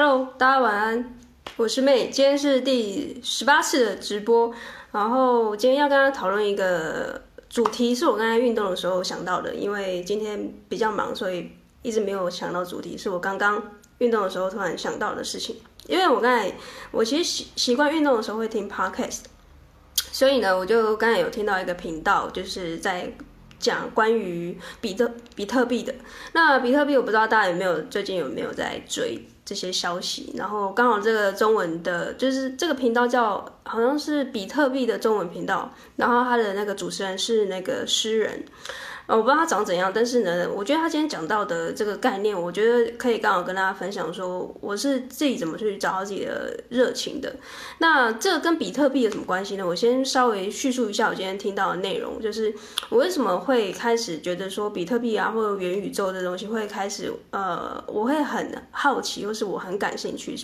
Hello，大家晚安，我是妹。今天是第十八次的直播，然後今天要跟大家討論一個主題，是我剛才運動的時候想到的。因為今天比較忙，所以一直沒有想到主題，是我剛剛運動的時候突然想到的事情。因為我剛才，我其實習習慣運動的時候會聽 podcast，所以呢，我就剛才有聽到一個頻道，就是在講關於比特比特幣的。那比特幣我不知道大家有沒有最近有沒有在追？這些消息，然後剛好這個中文的，就是這個頻道叫好像是比特幣的中文頻道，然後他的那個主持人是那個詩人。哦、我不知道他長怎樣，但是呢，我覺得他今天講到的這個概念，我覺得可以剛好跟大家分享說。說我是自己怎麼去找到自己的熱情的。那這個跟比特幣有什麼關係呢？我先稍微敘述一下我今天聽到的內容，就是我為什麼會開始覺得說比特幣啊，或者元宇宙的東西會開始，呃，我會很好奇，或是我很感興趣，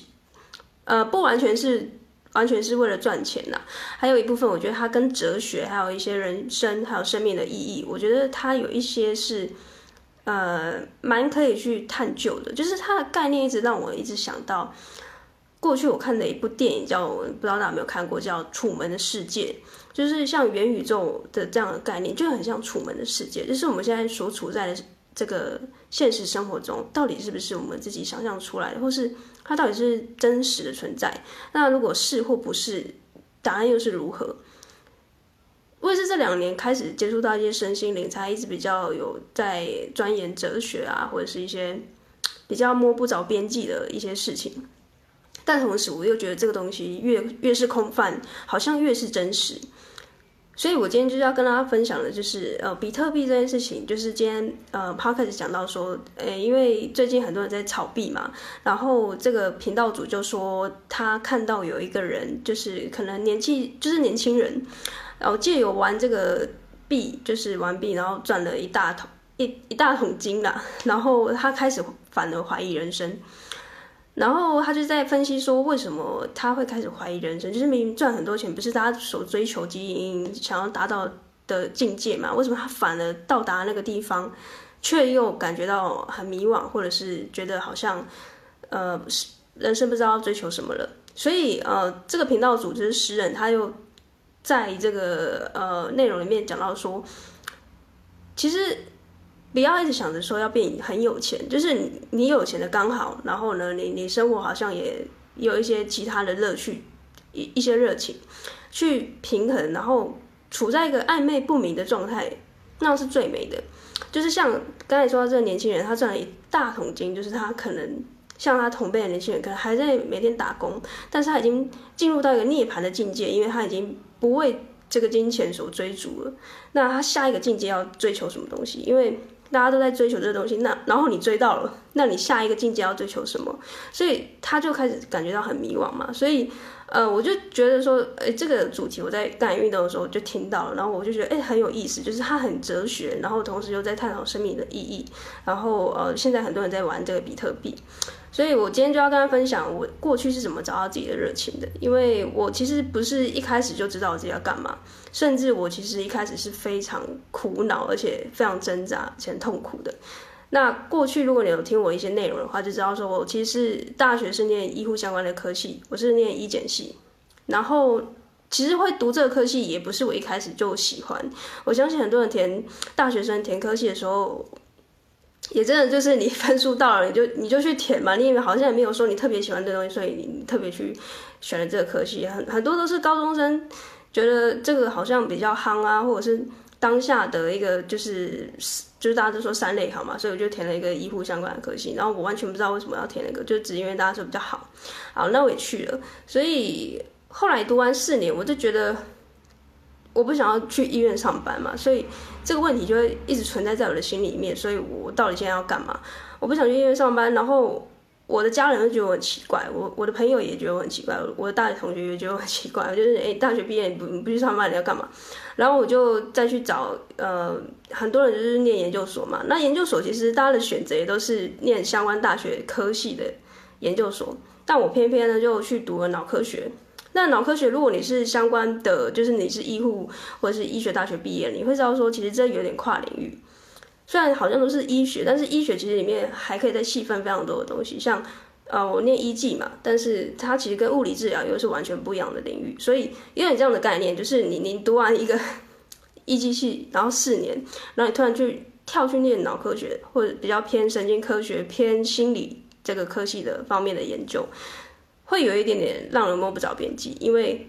呃，不完全是。完全是為了賺錢吶、啊，還有一部分，我覺得它跟哲學，還有一些人生，還有生命的意義，我覺得它有一些是，呃，蠻可以去探究的。就是它的概念一直讓我一直想到，過去我看的一部電影叫，我不知道大家有沒有看過，叫《楚門的世界》，就是像元宇宙的這樣的概念，就很像《楚門的世界》，就是我們現在所處在的。這個現實生活中到底是不是我們自己想象出來的，或是它到底是真實的存在？那如果是或不是，答案又是如何？我也是這兩年開始接觸到一些身心靈，才一直比較有在鑽研哲學啊，或者是一些比較摸不着邊際的一些事情。但同時，我又覺得這個東西越越是空泛，好像越是真實。所以我今天就是要跟大家分享的，就是呃，比特幣這件事情。就是今天呃，Parker 講到說，誒，因為最近很多人在炒幣嘛，然後這個頻道主就說他看到有一個人，就是可能年紀就是年輕人，然後借由玩這個幣，就是玩幣，然後賺了一大桶一一大桶金啦，然後他開始反而懷疑人生。然後他就在分析說，為什麼他會開始懷疑人生？就是明明賺很多錢，不是他所追求、及想要達到的境界嘛？為什麼他反而到達那個地方，卻又感覺到很迷惘，或者是覺得好像，呃，人生不知道要追求什麼了？所以，呃，這個頻道主持人，他又在這個呃內容裡面講到說，其實。不要一直想着說要變很有錢，就是你有錢的剛好，然後呢，你你生活好像也有一些其他的樂趣，一一些熱情，去平衡，然後處在一個曖昧不明的狀態，那是最美的。就是像剛才說到這個年輕人，他賺了一大桶金，就是他可能像他同輩的年輕人，可能還在每天打工，但是他已經進入到一個涅槃的境界，因為他已經不為這個金錢所追逐了。那他下一個境界要追求什麼東西？因為大家都在追求這個東西，那然後你追到了，那你下一個境界要追求什麼？所以他就開始感覺到很迷惘嘛。所以，呃，我就覺得說，哎，這個主題我在幹運動的時候就聽到了，然後我就覺得，哎，很有意思，就是它很哲學，然後同時又在探討生命的意義。然後，呃，現在很多人在玩這個比特幣。所以，我今天就要跟大家分享我過去是怎麼找到自己的熱情的。因為我其實不是一開始就知道我自己要幹嘛，甚至我其實一開始是非常苦惱，而且非常掙扎且很痛苦的。那過去，如果你有聽我一些內容的話，就知道說我其實是大學是念醫護相關的科系，我是念醫檢系。然後，其實會讀這個科系也不是我一開始就喜歡。我相信很多人填大學生填科系的時候。也真的就是你分數到了，你就你就去填嘛，你好像也沒有說你特別喜歡這東西，所以你特別去選了這個科系。很很多都是高中生覺得這個好像比較夯啊，或者是當下的一個就是就是大家都說三類好嘛，所以我就填了一個醫護相關的科系。然後我完全不知道為什麼要填那個，就只是因為大家說比較好，好那我也去了。所以後來讀完四年，我就覺得。我不想要去醫院上班嘛，所以這個問題就會一直存在在我的心裡面。所以我到底現在要幹嘛？我不想去醫院上班，然後我的家人都覺得我很奇怪，我我的朋友也覺得我很奇怪，我的大學同學也覺得我很奇怪。就是誒、欸，大學畢業你不你不去上班，你要幹嘛？然後我就再去找呃，很多人就是念研究所嘛。那研究所其實大家的選擇也都是念相關大學科系的研究所，但我偏偏呢就去讀了腦科學。那腦科學，如果你是相關的，就是你是醫護或者是醫學大學畢業，你會知道說，其實這有點跨領域。雖然好像都是醫學，但是醫學其實裡面還可以再細分非常多的東西。像，呃，我念醫技嘛，但是它其實跟物理治療又是完全不一樣的領域。所以，有點這樣的概念，就是你你讀完一個醫技系，然後四年，然後你突然去跳去念腦科學，或者比較偏神經科學、偏心理這個科系的方面的研究。會有一點點讓人摸不着邊際，因為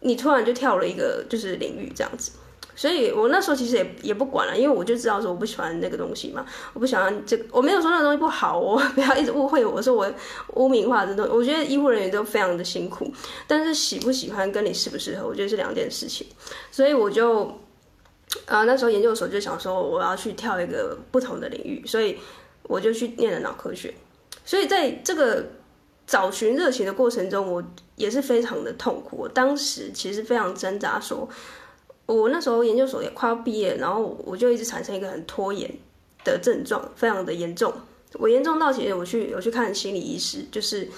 你突然就跳了一個就是領域這樣子，所以我那時候其實也也不管了，因為我就知道說我不喜歡那個東西嘛，我不喜歡這個，我沒有說那個東西不好，我不要一直誤會我，我說我污名化這東西，我覺得醫護人員都非常的辛苦，但是喜不喜歡跟你適不適合，我覺得是兩件事情，所以我就啊、呃、那時候研究所就想說我要去跳一個不同的領域，所以我就去念了腦科學，所以在這個。找尋熱情的過程中，我也是非常的痛苦。我當時其實非常掙扎，說，我那時候研究所也快要畢業，然後我就一直產生一個很拖延的症狀，非常的嚴重。我嚴重到，其實我去我去看心理醫師，就是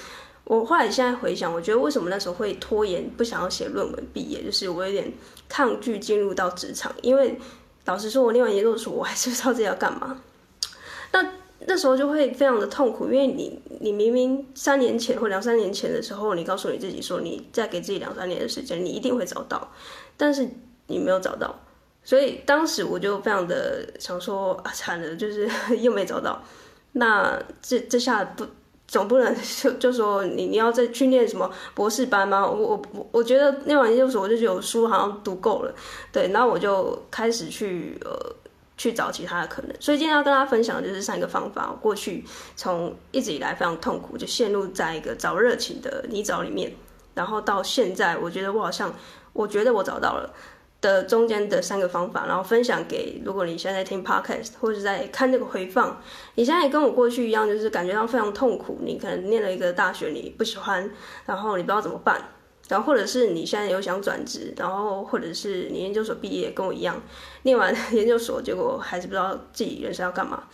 我後來現在回想，我覺得為什麼那時候會拖延，不想要寫論文畢業，就是我有點抗拒進入到職場，因為老實說，我念完研究所，我還是不知道自己要幹嘛。那那時候就會非常的痛苦，因為你你明明三年前或兩三年前的時候，你告訴你自己說，你再給自己兩三年的時間，你一定會找到，但是你沒有找到，所以當時我就非常的想說，啊，慘了，就是呵呵又沒找到，那這這下不總不能就就說你你要再去念什麼博士班嗎？我我我我覺得念完研究所我就覺得書好像讀夠了，對，然後我就開始去呃去找其他的可能，所以今天要跟大家分享的就是三個方法。我過去從一直以來非常痛苦，就陷入在一個找熱情的泥沼裡面，然後到現在，我覺得我好像我覺得我找到了的中間的三個方法，然後分享給如果你現在在聽 podcast 或者是在看這個回放，你現在也跟我過去一樣，就是感覺到非常痛苦。你可能念了一個大學，你不喜歡，然後你不知道怎麼辦。然後，或者是你現在有想轉職，然後，或者是你研究所畢業，跟我一樣，念完研究所，結果還是不知道自己人生要幹嘛。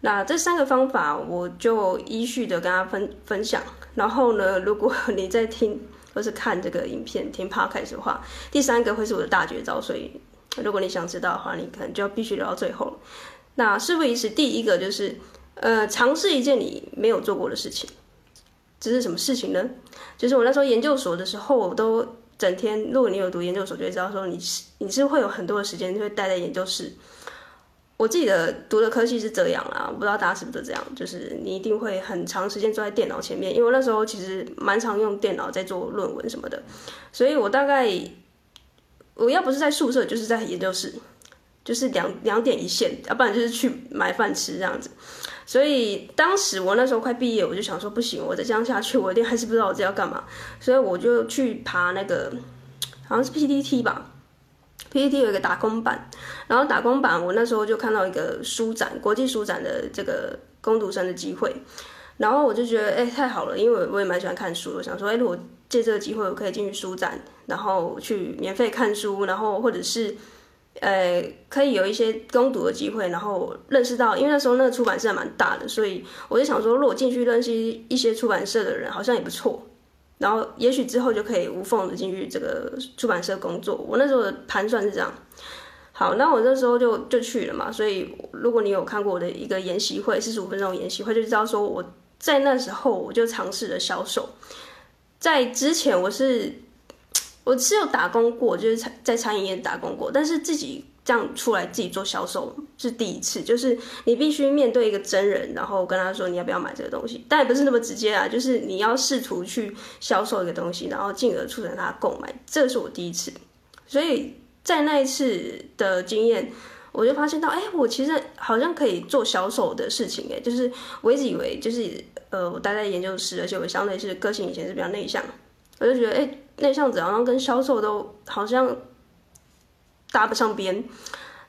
那這三個方法，我就依序的跟大家分，分享。然後呢，如果你在聽或是看這個影片，聽 Podcast 的話，第三個會是我的大絕招，所以如果你想知道的話，你可能就要必須留到最後。那事不宜遲，第一個就是，呃，嘗試一件你沒有做過的事情。這是什麼事情呢？就是我那時候研究所的時候，我都整天，如果你有讀研究所，就會知道說你，你是你是會有很多的時間，會待在研究室。我自己的讀的科系是這樣啦，我不知道大家是不是這樣，就是你一定會很長時間坐在電腦前面，因為我那時候其實蠻常用電腦在做論文什麼的，所以我大概我要不是在宿舍，就是在研究室，就是兩兩點一線，要，啊不然就是去買飯吃這樣子。所以當時我那時候快畢業，我就想說不行，我再這樣下去，我一定還是不知道我這要幹嘛。所以我就去爬那個，好像是 PTT 吧，PTT 有一個打工版，然後打工版我那時候就看到一個書展，國際書展的這個工讀生的機會，然後我就覺得哎、欸、太好了，因為我我也蠻喜歡看書，我想說哎、欸，如果借這個機會，我可以進去書展，然後去免費看書，然後或者是。呃，可以有一些工讀的機會，然後認識到，因為那時候那個出版社蠻大的，所以我就想說，如果進去認識一些出版社的人，好像也不錯，然後也許之後就可以無縫的進去這個出版社工作。我那時候的盤算是這樣。好，那我那時候就就去了嘛。所以如果你有看過我的一個研習會，45分鐘研習會，就知道說我在那時候我就嘗試着銷售，在之前我是。我只有打工過，就是在餐飲業打工過，但是自己這樣出來自己做銷售是第一次，就是你必須面對一個真人，然後跟他說你要不要買這個東西，但也不是那麼直接啊，就是你要試圖去銷售一個東西，然後進而促成他購買，這是我第一次，所以在那一次的經驗，我就發現到，哎、欸，我其實好像可以做銷售的事情、欸，哎，就是我一直以為就是，呃，我待在研究室，而且我相對是個性以前是比較內向。我就覺得，哎、欸，內向者好像跟銷售都好像搭不上邊。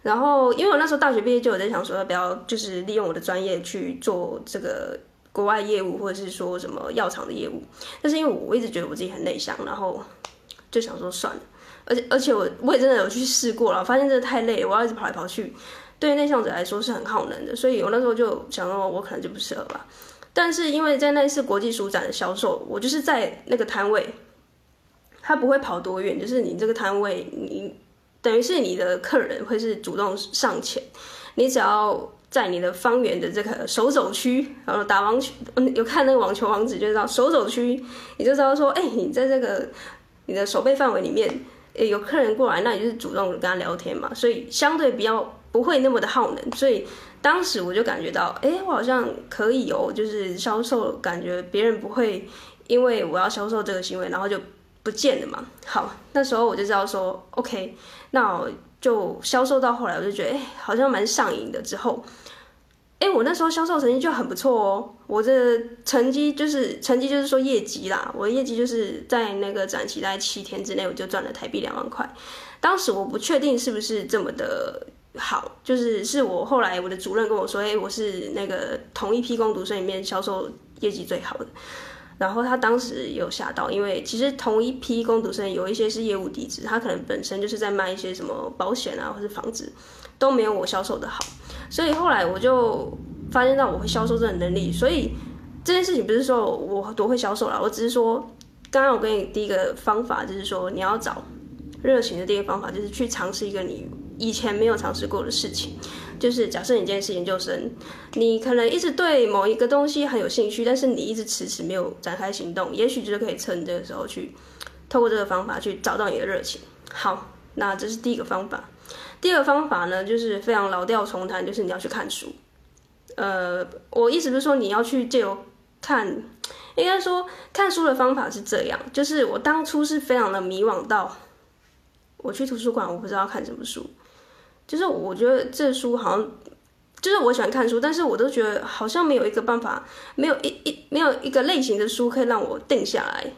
然後，因為我那時候大學畢業，就有在想說，要不要就是利用我的專業去做這個國外業務，或者是說什麼藥廠的業務。但是因為我，我一直覺得我自己很內向，然後就想說算了。而且而且我我也真的有去試過了，發現真的太累了，我要一直跑來跑去，對於內向者來說是很耗能的。所以我那時候就想說我可能就不適合吧。但是，因為在那一次國際書展的銷售，我就是在那個攤位，他不會跑多遠。就是你這個攤位，你等於是你的客人會是主動上前，你只要在你的方圓的這個手肘區，然後打網球，嗯，有看那個網球王子就知道，手肘區，你就知道說，哎、欸，你在這個你的手背範圍裡面，誒，有客人過來，那你就是主動跟他聊天嘛，所以相對比較不會那麼的耗能，所以。當時我就感覺到，哎，我好像可以哦，就是銷售，感覺別人不會因為我要銷售這個行為，然後就不見了嘛。好，那時候我就知道說，OK，那我就銷售到後來，我就覺得，哎，好像蠻上癮的之後，哎，我那時候銷售成績就很不錯哦，我的成績就是成績就是說業績啦，我的業績就是在那個展期在七天之內，我就賺了台幣兩萬塊。當時我不確定是不是這麼的。好，就是是我後來我的主任跟我說，哎、欸，我是那個同一批工讀生裡面銷售業績最好的。然後他當時有嚇到，因為其實同一批工讀生有一些是業務底子，他可能本身就是在賣一些什麼保險啊，或是房子，都沒有我銷售的好。所以後來我就發現到我會銷售這種能力。所以這件事情不是說我多會銷售啦，我只是說，剛剛我跟你第一個方法就是說，你要找熱情的，第一個方法就是去嘗試一個你。以前沒有嘗試過的事情，就是假設你今天是研究生，你可能一直對某一個東西很有興趣，但是你一直遲遲沒有展開行動，也許就是可以趁這個時候去，透過這個方法去找到你的熱情。好，那這是第一個方法。第二個方法呢，就是非常老調重彈，就是你要去看書。呃，我意思不是說你要去借由看，應該說看書的方法是這樣，就是我當初是非常的迷惘到，我去圖書館我不知道要看什麼書。就是我覺得這書好像，就是我喜歡看書，但是我都覺得好像沒有一個辦法，沒有一一沒有一個類型的書可以讓我定下來。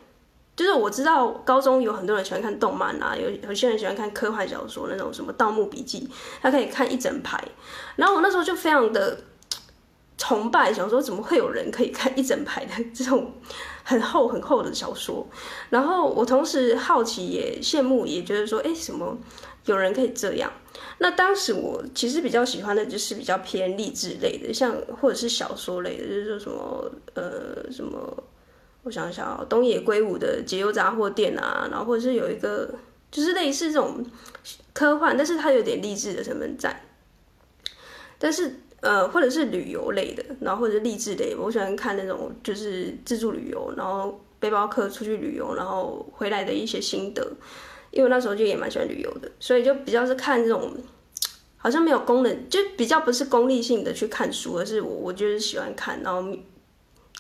就是我知道高中有很多人喜歡看動漫啊，有有些人喜歡看科幻小說，那種什麼《盜墓筆記》，他可以看一整排。然後我那時候就非常的崇拜，想說怎麼會有人可以看一整排的這種很厚很厚的小說？然後我同時好奇，也羨慕，也覺得說，哎，什麼有人可以這樣？那當時我其實比較喜歡的就是比較偏勵志類的，像或者是小說類的，就是說什麼呃什麼，我想想啊，東野圭吾的《解憂雜貨店》啊，然後或者是有一個就是類似這種科幻，但是它有點勵志的成分在，但是。呃，或者是旅遊類的，然後或者是勵志類的，我喜歡看那種就是自助旅遊，然後背包客出去旅遊，然後回來的一些心得。因為那時候就也蠻喜歡旅遊的，所以就比較是看這種，好像沒有功能，就比較不是功利性的去看書，而是我我就是喜歡看，然後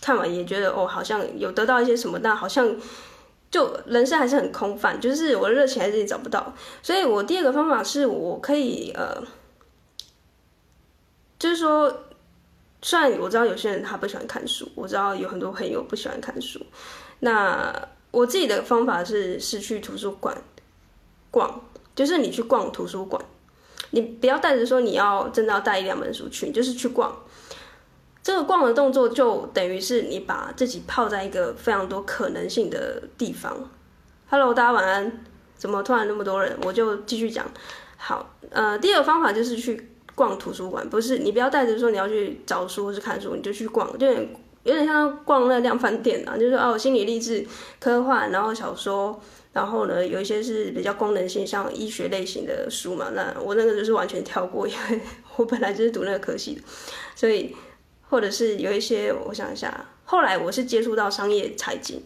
看完也覺得哦，好像有得到一些什麼，但好像就人生還是很空泛，就是我的熱情還是找不到。所以我第二個方法是我可以呃，就是說，雖然我知道有些人他不喜歡看書，我知道有很多朋友不喜歡看書。那我自己的方法是是去圖書館逛，就是你去逛圖書館，你不要帶着說你要真的要帶一兩本書去，就是去逛。這個逛的動作就等於是你把自己泡在一個非常多可能性的地方。Hello，大家晚安。怎麼突然那麼多人？我就繼續講。好，呃，第二個方法就是去。逛圖書館不是，你不要帶着說你要去找書或是看書，你就去逛，就有點，有點像逛那個量販店啊。就是哦，心理勵志、科幻，然後小說，然後呢，有一些是比較功能性，像醫學類型的書嘛。那我那個就是完全跳過，因為我本來就是讀那個科系的，所以或者是有一些，我想一下，後來我是接觸到商業財經、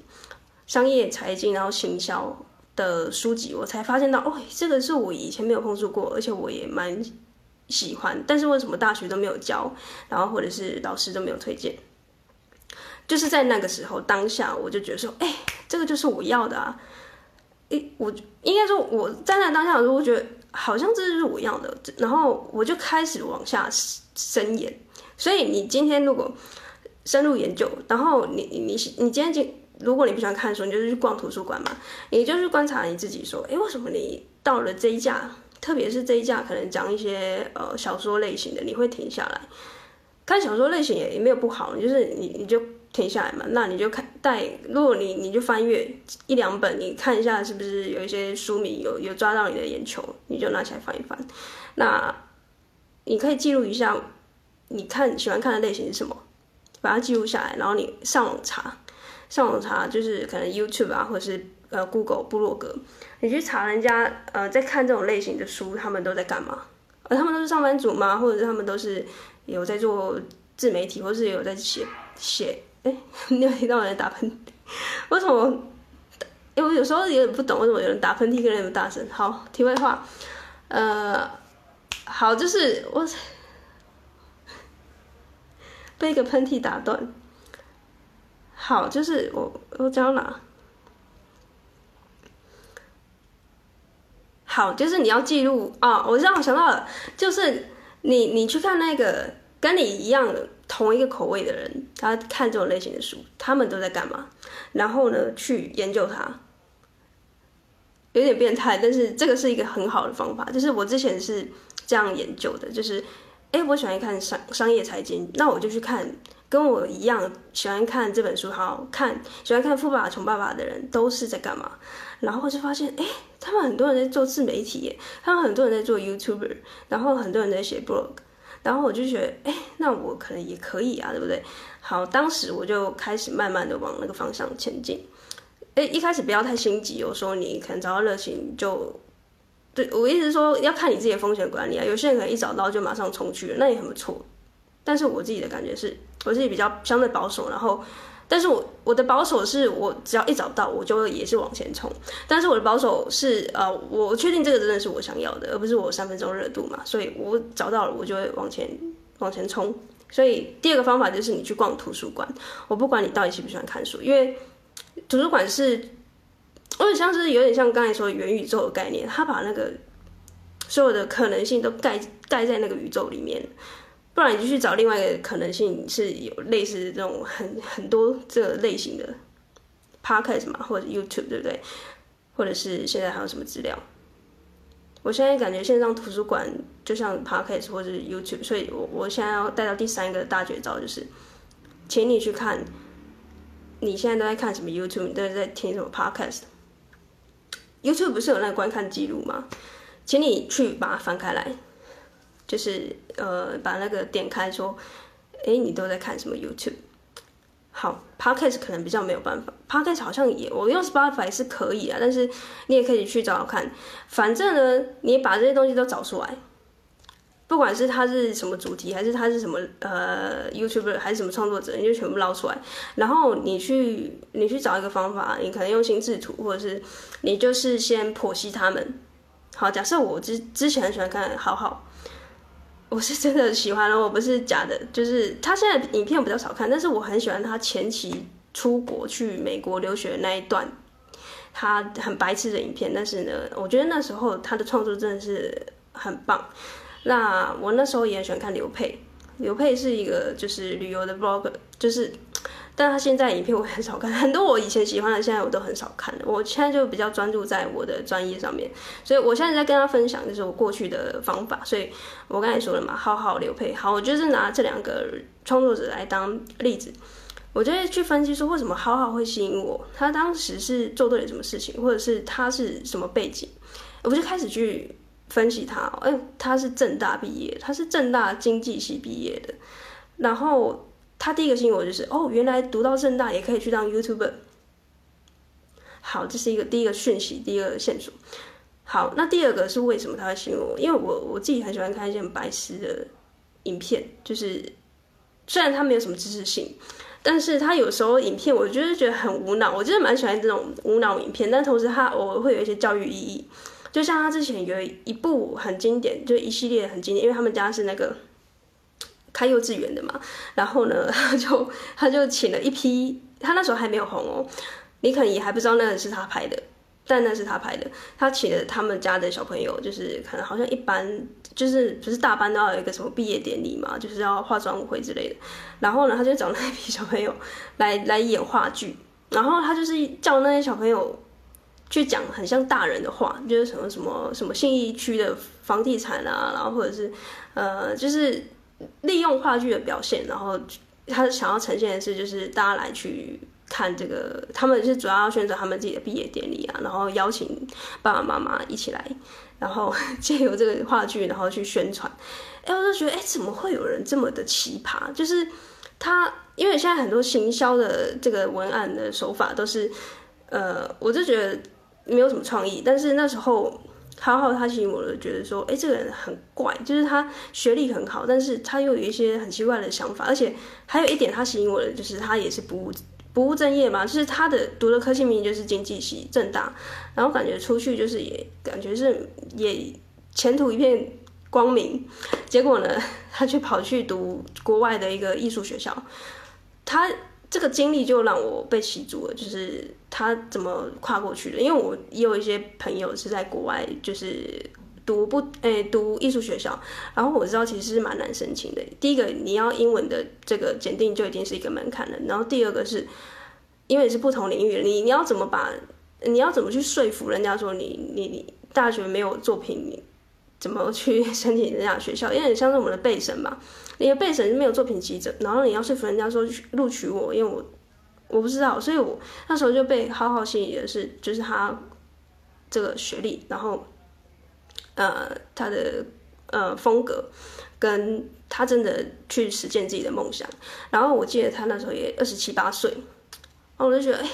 商業財經，然後行銷的書籍，我才發現到，哦，這個是我以前沒有碰觸過，而且我也蠻喜歡，但是為什麼大學都沒有教，然後或者是老師都沒有推薦？就是在那個時候，當下我就覺得說，哎、欸，這個就是我要的啊！哎、欸，我應該說，我站在那當下，我就覺得好像這是我要的，然後我就開始往下深研。所以你今天如果深入研究，然後你你你，你今天就如果你不喜歡看書，你就是去逛圖書館嘛，也就是觀察你自己，說，哎、欸，為什麼你到了這一架？特別是這一架，可能講一些呃小說類型的，你會停下來。看小說類型也也沒有不好，就是你你就停下來嘛，那你就看帶，如果你你就翻閱一兩本，你看一下是不是有一些書名有有抓到你的眼球，你就拿起來翻一翻。那你可以記錄一下，你看喜歡看的類型是什麼，把它記錄下來，然後你上網查，上網查就是可能 YouTube 啊，或者是。還有 Google 部落格，你去查人家，呃，在看這種類型的書，他們都在幹嘛啊？他們都是上班族嗎？或者是他們都是有在做自媒體，或是有在寫寫？哎、欸，你有聽到我在打噴嚏，為什麼？因、欸、為有時候有點不懂為什麼有人打噴嚏跟人有大聲。好，題外話，呃，好，就是我被一個噴嚏打斷。好，就是我我講哪？好，就是你要記錄啊！我知道我想到了，就是你，你去看那個跟你一樣同一個口味的人，他看這種類型的書，他們都在幹嘛？然後呢，去研究他，有點變態，但是這個是一個很好的方法。就是我之前是這樣研究的，就是，哎、欸，我喜歡看商商業財經，那我就去看。跟我一樣喜歡看這本書，好，好看，喜歡看父《富爸爸窮爸爸》的人都是在幹嘛？然後我就發現，哎、欸，他們很多人在做自媒體耶，他們很多人在做 YouTuber，然後很多人在寫 Blog，然後我就覺得，哎、欸，那我可能也可以啊，對不對？好，當時我就開始慢慢的往那個方向前進。哎、欸，一開始不要太心急，有時候你可能找到熱情就，對，我一直說要看你自己的風險管理啊，有些人可能一找到就馬上衝去了，那也很不錯。但是我自己的感覺是。我自己比較相對保守，然後，但是我我的保守是我只要一找到，我就會也是往前衝。但是我的保守是，呃，我確定這個真的是我想要的，而不是我三分鐘熱度嘛。所以我找到了，我就會往前往前衝。所以第二個方法就是你去逛圖書館。我不管你到底喜不喜歡看書，因為圖書館是，有點像是有點像剛才說的元宇宙的概念，它把那個所有的可能性都蓋蓋在那個宇宙裡面。不然你就去找另外一個可能性，是有類似這種很很多這個類型的 podcast 嘛，或者 YouTube 對不對？或者是現在還有什麼資料？我現在感覺線上圖書館就像 podcast 或者 YouTube，所以我我現在要帶到第三個大絕招，就是，請你去看，你現在都在看什麼 YouTube，你都在在聽什麼 podcast。YouTube 不是有那個觀看記錄嗎？請你去把它翻開來。就是呃，把那個點開，說，誒，你都在看什麼 YouTube？好，Podcast 可能比較沒有辦法，Podcast 好像也，我用 Spotify 是可以啊。但是你也可以去找找看，反正呢，你把這些東西都找出來，不管是它是什麼主題，還是它是什麼呃 YouTuber 還是什麼創作者，你就全部撈出來。然後你去你去找一個方法，你可能用心智圖，或者是你就是先剖析他們。好，假設我之之前很喜歡看好好。我是真的喜歡了，我不是假的，就是他現在影片，比較少看，但是我很喜歡他前期出國去美國留學的那一段，他很白痴的影片。但是呢，我覺得那時候他的創作真的是很棒。那我那時候也很喜歡看劉沛，劉沛是一個就是旅遊的 vlogger，就是。但他現在影片，我很少看，很多我以前喜歡的，現在我都很少看。我現在就比較專注在我的專業上面，所以我現在在跟他分享就是我過去的方法。所以我剛才說了嘛，浩浩、劉沛，好，我就是拿這兩個創作者來當例子，我就會去分析說，為什麼浩浩會吸引我，他當時是做對了什麼事情，或者是他是什麼背景，我就開始去分析他。哎，他是政大畢業，他是政大經濟系畢業的，然後。他第一個吸引我就是哦，原來讀到政大也可以去當 YouTuber。好，這是一個第一個訊息，第一個線索。好，那第二個是為什麼他會吸引我？因為我我自己很喜歡看一些很白痴的影片，就是雖然他沒有什麼知識性，但是他有時候影片我就是覺得很無腦，我真的蠻喜歡這種無腦影片。但同時他偶爾會有一些教育意義，就像他之前有一部很經典，就是一系列很經典，因為他們家是那個。開幼稚園的嘛，然後呢，他就他就請了一批，他那時候還沒有紅哦，你可能也還不知道那是他拍的，但那是他拍的，他請了他們家的小朋友，就是可能好像一般就是不是大班都要有一個什麼畢業典禮嘛，就是要化妝舞會之類的，然後呢，他就找那批小朋友來來演話劇，然後他就是叫那些小朋友去講很像大人的話，就是什麼什麼什麼信義區的房地產啊，然後或者是呃就是。利用話劇的表現，然後他想要呈現的是，就是大家來去看這個，他們是主要要宣傳他們自己的畢業典禮啊，然後邀請爸爸媽媽一起來，然後借由這個話劇，然後去宣傳。哎、欸，我就覺得，哎、欸，怎麼會有人這麼的奇葩？就是他，因為現在很多行銷的這個文案的手法都是，呃，我就覺得沒有什麼創意，但是那時候。好好，他吸引我的覺得說，哎，這個人很怪，就是他學歷很好，但是他又有一些很奇怪的想法，而且還有一點他吸引我的就是他也是不務不務正業嘛，就是他的讀的科系明明就是經濟系，政大，然後感覺出去就是也感覺是也前途一片光明，結果呢，他却跑去讀國外的一個藝術學校，他。這個經歷就讓我被吸住了，就是他怎麼跨過去的？因為我也有一些朋友是在國外，就是讀不誒讀藝術學校，然後我知道其實是蠻難申請的。第一個，你要英文的這個檢定就已經是一個門檻了；然後第二個是，因為是不同領域，你你要怎麼把你要怎麼去說服人家說你你你大學沒有作品，你怎麼去申請人家學校？因為像是我們的備審嘛。因為被審沒有作品集的，然後你要說服人家說錄取我，因為我我不知道，所以我那時候就被好好吸引的是，就是他這個學歷，然後呃他的呃風格，跟他真的去實踐自己的夢想。然後我記得他那時候也二十七八歲，然後我就覺得哎，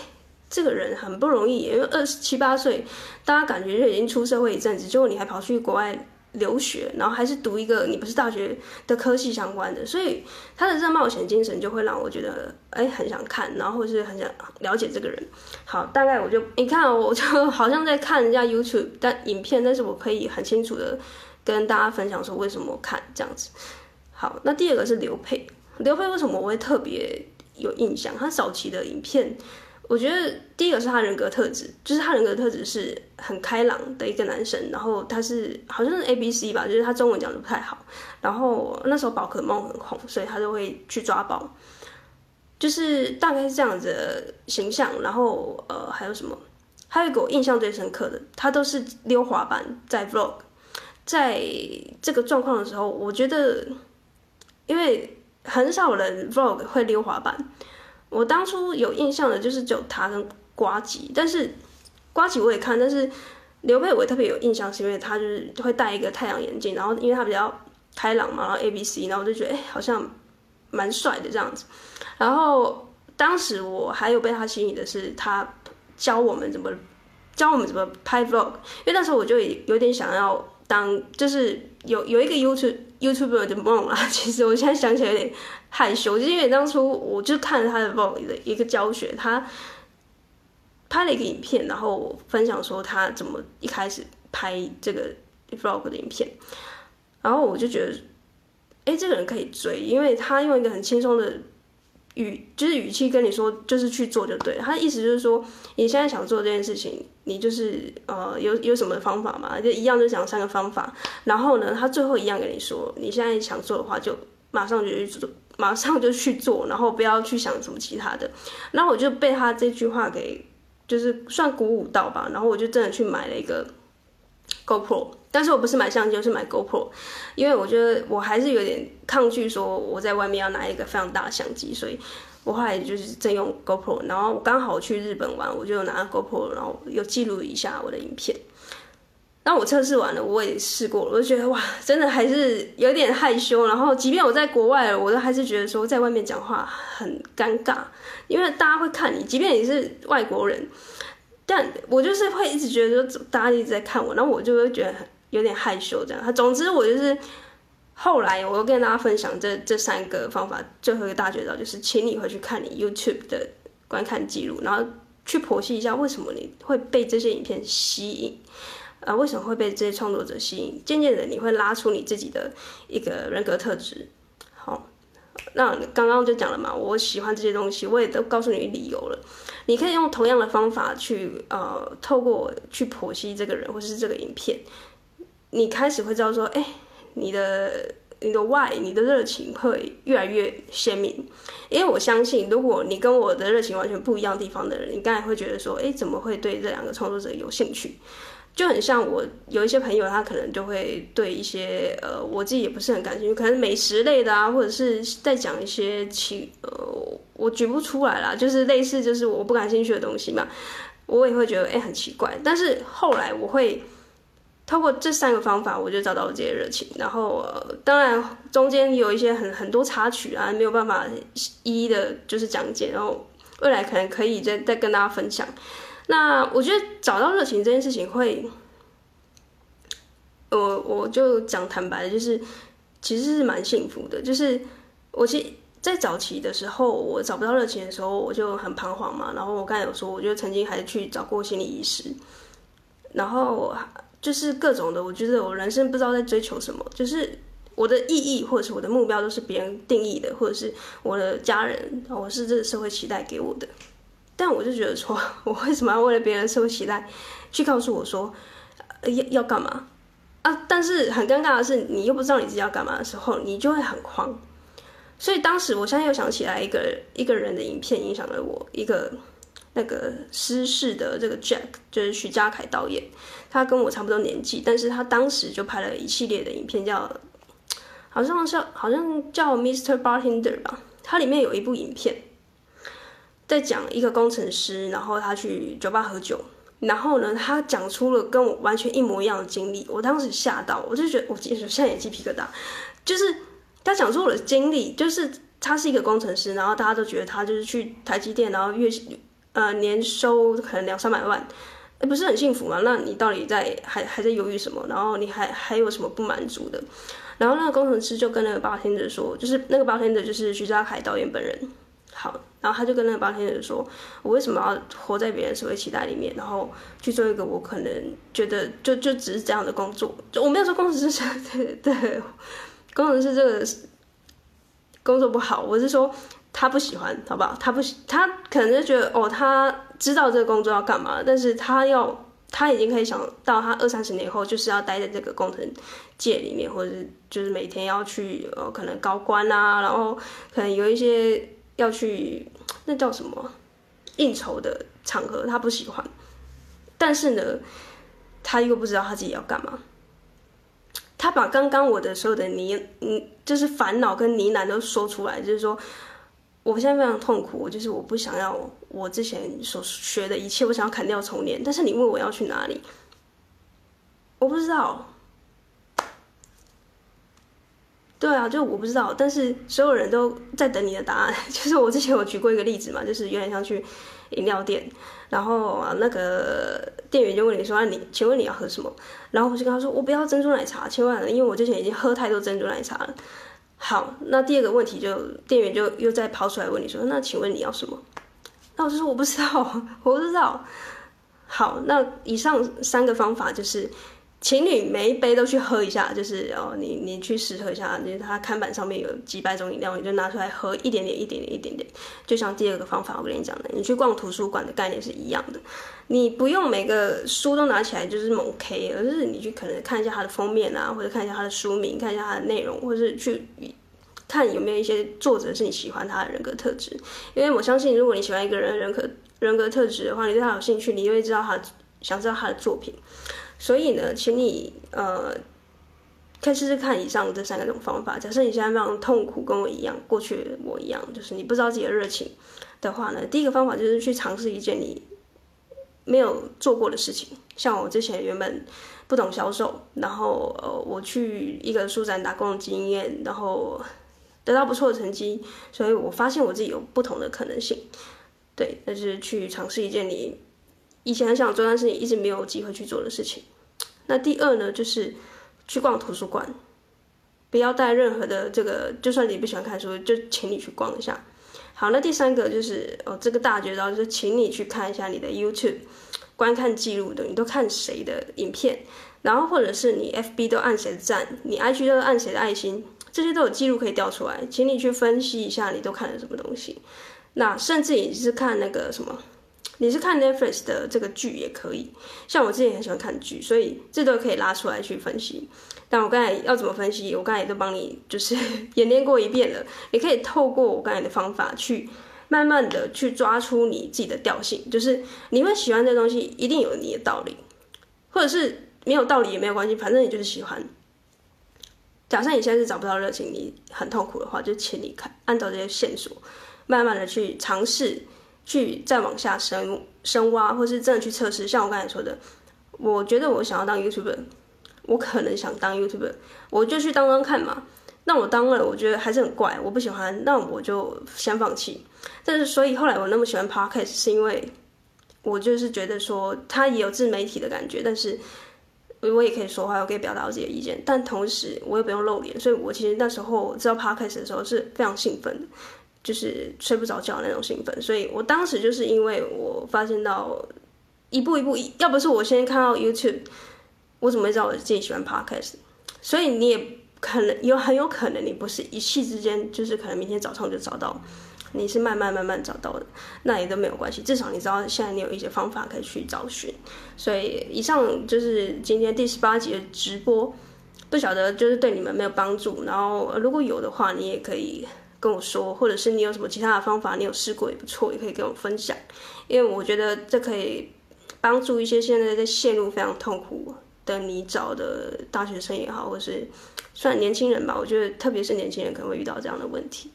這個人很不容易，因為二十七八歲大家感覺就已經出社會一陣子，結果你還跑去國外。留學，然後還是讀一個你不是大學的科系相關的，所以他的這個冒險精神就會讓我覺得，哎，很想看，然後或是很想了解這個人。好，大概我就你看、哦、我就好像在看人家 YouTube 但影片，但是我可以很清楚的跟大家分享說為什麼看這樣子。好，那第二個是劉沛，劉沛為什麼我會特別有印象？他早期的影片。我覺得第一個是他人格特質，就是他人格特質是很開朗的一個男生。然後他是好像是 ABC 吧，就是他中文講得不太好。然後那時候寶可夢很紅，所以他就會去抓寶，就是大概是這樣子的形象。然後呃，還有什麼？還有給我印象最深刻的，他都是溜滑板在 Vlog，在這個狀況的時候，我覺得因為很少人 Vlog 會溜滑板。我當初有印象的，就是就他跟呱吉，但是呱吉我也看，但是劉沛我特別有印象，是因為他就是會戴一個太陽眼鏡，然後因為他比較開朗嘛，然後 A B C，然後我就覺得哎、欸，好像蠻帥的這樣子。然後當時我還有被他吸引的是，他教我們怎麼教我們怎麼拍 vlog，因為那時候我就也有點想要當就是。有有一個 YouTube YouTuber 的夢啊，其實我現在想起來有點害羞，就是因為當初我就看了他的 Vlog 的一個教學，他拍了一個影片，然後我分享說他怎麼一開始拍這個 Vlog 的影片，然後我就覺得，哎，這個人可以追，因為他用一個很輕鬆的。語就是語氣跟你說，就是去做就對。他的意思就是說，你現在想做這件事情，你就是呃，有有什麼方法嘛？就一樣，就講三個方法。然後呢，他最後一樣跟你說，你現在想做的話，就馬上就去做，馬上就去做，然後不要去想什麼其他的。然後我就被他這句話給，就是算鼓舞到吧。然後我就真的去買了一個 GoPro。但是我不是買相機，我是買 GoPro，因為我覺得我還是有點抗拒說我在外面要拿一個非常大的相機，所以我後來就是在用 GoPro。然後我剛好去日本玩，我就拿 GoPro，然後有記錄一下我的影片。那我測試完了，我也試過，我就覺得哇，真的還是有點害羞。然後即便我在國外，我都還是覺得說在外面講話很尷尬，因為大家會看你，即便你是外國人，但我就是會一直覺得說大家一直在看我，然後我就會覺得很。有點害羞，這樣他。總之，我就是後來，我又跟大家分享這這三個方法，最後一個大絕招就是，請你回去看你 YouTube 的觀看記錄，然後去剖析一下為什麼你會被這些影片吸引，啊、呃，為什麼會被這些創作者吸引。漸漸的，你會拉出你自己的一個人格特質。好，那剛剛就講了嘛，我喜歡這些東西，我也都告訴你理由了。你可以用同樣的方法去，呃，透過去剖析這個人或是這個影片。你開始會知道說，欸，你的你的 why，你的熱情會越來越鮮明，因為我相信，如果你跟我的熱情完全不一樣地方的人，你當然會覺得說，欸，怎麼會對這兩個創作者有興趣？就很像我有一些朋友，他可能就會對一些呃，我自己也不是很感興趣，可能美食類的啊，或者是在講一些其呃，我舉不出來啦，就是類似就是我不感興趣的東西嘛，我也會覺得欸，很奇怪，但是後來我會。通過這三個方法，我就找到了自己的熱情。然後，呃、當然中間有一些很很多插曲啊，沒有辦法一一的，就是講解。然後未來可能可以再再跟大家分享。那我覺得找到熱情這件事情，會，我我就講坦白，就是其實是蠻幸福的。就是我其在早期的時候，我找不到熱情的時候，我就很彷徨嘛。然後我剛才有說，我就曾經還去找過心理醫師，然後。就是各種的，我覺得我人生不知道在追求什麼，就是我的意義或者是我的目標都是別人定義的，或者是我的家人，我是這個社會期待給我的。但我就覺得說，我為什麼要為了別人社會期待去告訴我說、呃、要要幹嘛啊？但是很尷尬的是，你又不知道你自己要幹嘛的時候，你就會很慌。所以當時，我現在又想起來一個一個人的影片影響了我，一個那個私事的這個 Jack，就是徐嘉凱導演。他跟我差不多年紀，但是他當時就拍了一系列的影片，叫好像是好像叫 Mr. Bartender 吧。它裡面有一部影片，在講一個工程師，然後他去酒吧喝酒，然後呢，他講出了跟我完全一模一樣的經歷。我當時嚇到，我就覺得我現在也雞皮疙瘩。就是他講出我的經歷，就是他是一個工程師，然後大家都覺得他就是去台積電，然後月呃年收可能兩三百萬。不是很幸福嗎？那你到底在還還在猶豫什麼？然後你還還有什麼不滿足的？然後那個工程師就跟那個八天者說，就是那個八天者就是徐嘉凱導演本人。好，然後他就跟那個八天者說：“我為什麼要活在別人社會期待裡面，然後去做一個我可能覺得就就，就只是這樣的工作？就我沒有說工程師對對，對，工程師這個工作不好，我是說他不喜歡，好不好？他不喜他可能就覺得哦他。”知道這個工作要幹嘛，但是他要，他已經可以想到，他二三十年後就是要待在這個工程界裡面，或者是就是每天要去呃可能高官啊，然後可能有一些要去，那叫什麼？應酬的場合，他不喜歡。但是呢，他又不知道他自己要幹嘛。他把剛剛我的所有的你嗯就是煩惱跟呢喃都說出來，就是說我現在非常痛苦，就是我不想要。我之前所學的一切，我想要砍掉重練，但是你問我要去哪裡，我不知道。對啊，就我不知道，但是所有人都在等你的答案。就是我之前我舉過一個例子嘛，就是有點像去飲料店，然後啊，那個店員就問你說：“啊、你請問你要喝什麼？”然後我就跟他說：“我不要珍珠奶茶，千萬，因為我之前已經喝太多珍珠奶茶了。”好，那第二個問題就店員就又再拋出來問你說：“那請問你要什麼？”老師，我不知道，我不知道。好，那以上三個方法就是請你每一杯都去喝一下，就是哦，你你去試喝一下。你、就是、它看板上面有幾百種飲料，你就拿出來喝一點點、一點點、一點點。就像第二個方法，我跟你講的，你去逛圖書館的概念是一樣的，你不用每個書都拿起來就是猛 K，而是你去可能看一下它的封面啊，或者看一下它的書名，看一下它的內容，或者是去。看有沒有一些作者是你喜歡他的人格特質，因為我相信，如果你喜歡一個人人格人格特質的話，你對他有興趣，你就會知道他想知道他的作品。所以呢，請你呃，可以試試看以上這三個種方法。假設你現在非常痛苦，跟我一樣，過去我一樣，就是你不知道自己的熱情的話呢，第一個方法就是去嘗試一件你沒有做過的事情。像我之前原本不懂銷售，然後呃，我去一個書展打工的經驗，然後。得到不錯的成績，所以我發現我自己有不同的可能性。對，那就是去嘗試一件你以前很想做但是你一直沒有機會去做的事情。那第二呢，就是去逛圖書館，不要帶任何的這個，就算你不喜歡看書，就請你去逛一下。好，那第三個就是哦，這個大絕招就是請你去看一下你的 YouTube 觀看記錄的，你都看誰的影片，然後或者是你 FB 都按誰的讚，你 IG 都按誰的愛心。這些都有記錄可以調出來，請你去分析一下，你都看了什麼東西。那甚至你是看那個什麼，你是看 Netflix 的這個劇也可以。像我之前很喜歡看劇，所以這都可以拉出來去分析。但我剛才要怎麼分析，我剛才也都幫你就是 演練過一遍了。你可以透過我剛才的方法去慢慢的去抓出你自己的調性，就是你會喜歡這東西，一定有你的道理，或者是沒有道理也沒有關係，反正你就是喜歡。假設你現在是找不到熱情，你很痛苦的話，就請你看，按照這些線索，慢慢的去嘗試，去再往下深深挖，或是真的去測試。像我剛才說的，我覺得我想要當 YouTuber，我可能想當 YouTuber，我就去當當看嘛。那我當了，我覺得還是很怪，我不喜歡，那我就先放棄。但是所以後來我那麼喜歡 Podcast，是因為我就是覺得說它也有自媒體的感覺，但是。我也可以說話，我可以表達我自己的意見，但同時我也不用露臉，所以，我其實那時候知道 Podcast 的時候是非常興奮的，就是睡不着覺的那種興奮。所以，我當時就是因為我發現到一步一步，要不是我先看到 YouTube，我怎麼會知道我自己喜歡 Podcast？所以你也可能有很有可能，你不是一夕之間，就是可能明天早上就找到。你是慢慢慢慢找到的，那也都沒有關係，至少你知道現在你有一些方法可以去找尋。所以以上就是今天第十八集的直播，不曉得就是對你們沒有幫助，然後如果有的話，你也可以跟我說，或者是你有什麼其他的方法，你有試過也不錯，也可以跟我分享，因為我覺得這可以幫助一些現在在陷入非常痛苦的泥沼的大學生也好，或者是算年輕人吧，我覺得特別是年輕人可能會遇到這樣的問題。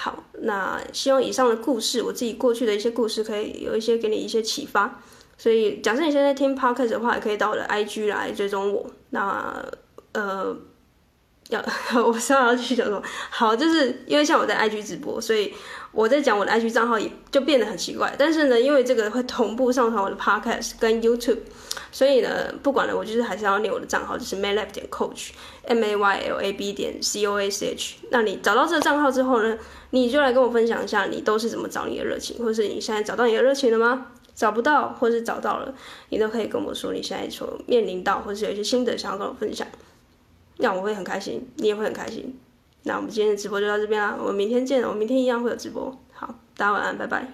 好，那希望以上的故事，我自己過去的一些故事，可以有一些給你一些啟發。所以，假設你現在聽 podcast 的話，也可以到我的 IG 來追蹤我。那，呃，要我稍後要去講什麼？好，就是因為像我在 IG 直播，所以。我在講我的 IG 賬號也就變得很奇怪，但是呢，因為這個會同步上傳我的 Podcast 跟 YouTube，所以呢，不管了，我就是還是要念我的賬號，就是 Maylab 點 Coach，M A Y L A B 點 C O A C H。那你找到這個賬號之後呢，你就來跟我分享一下，你都是怎麼找你的熱情，或者是你現在找到你的熱情了嗎？找不到，或者是找到了，你都可以跟我說你現在所面臨到，或是有一些心得想要跟我分享，那我會很開心，你也會很開心。那我們今天的直播就到這邊啦，我們明天見了，我們明天一樣會有直播，好，大家晚安，拜拜。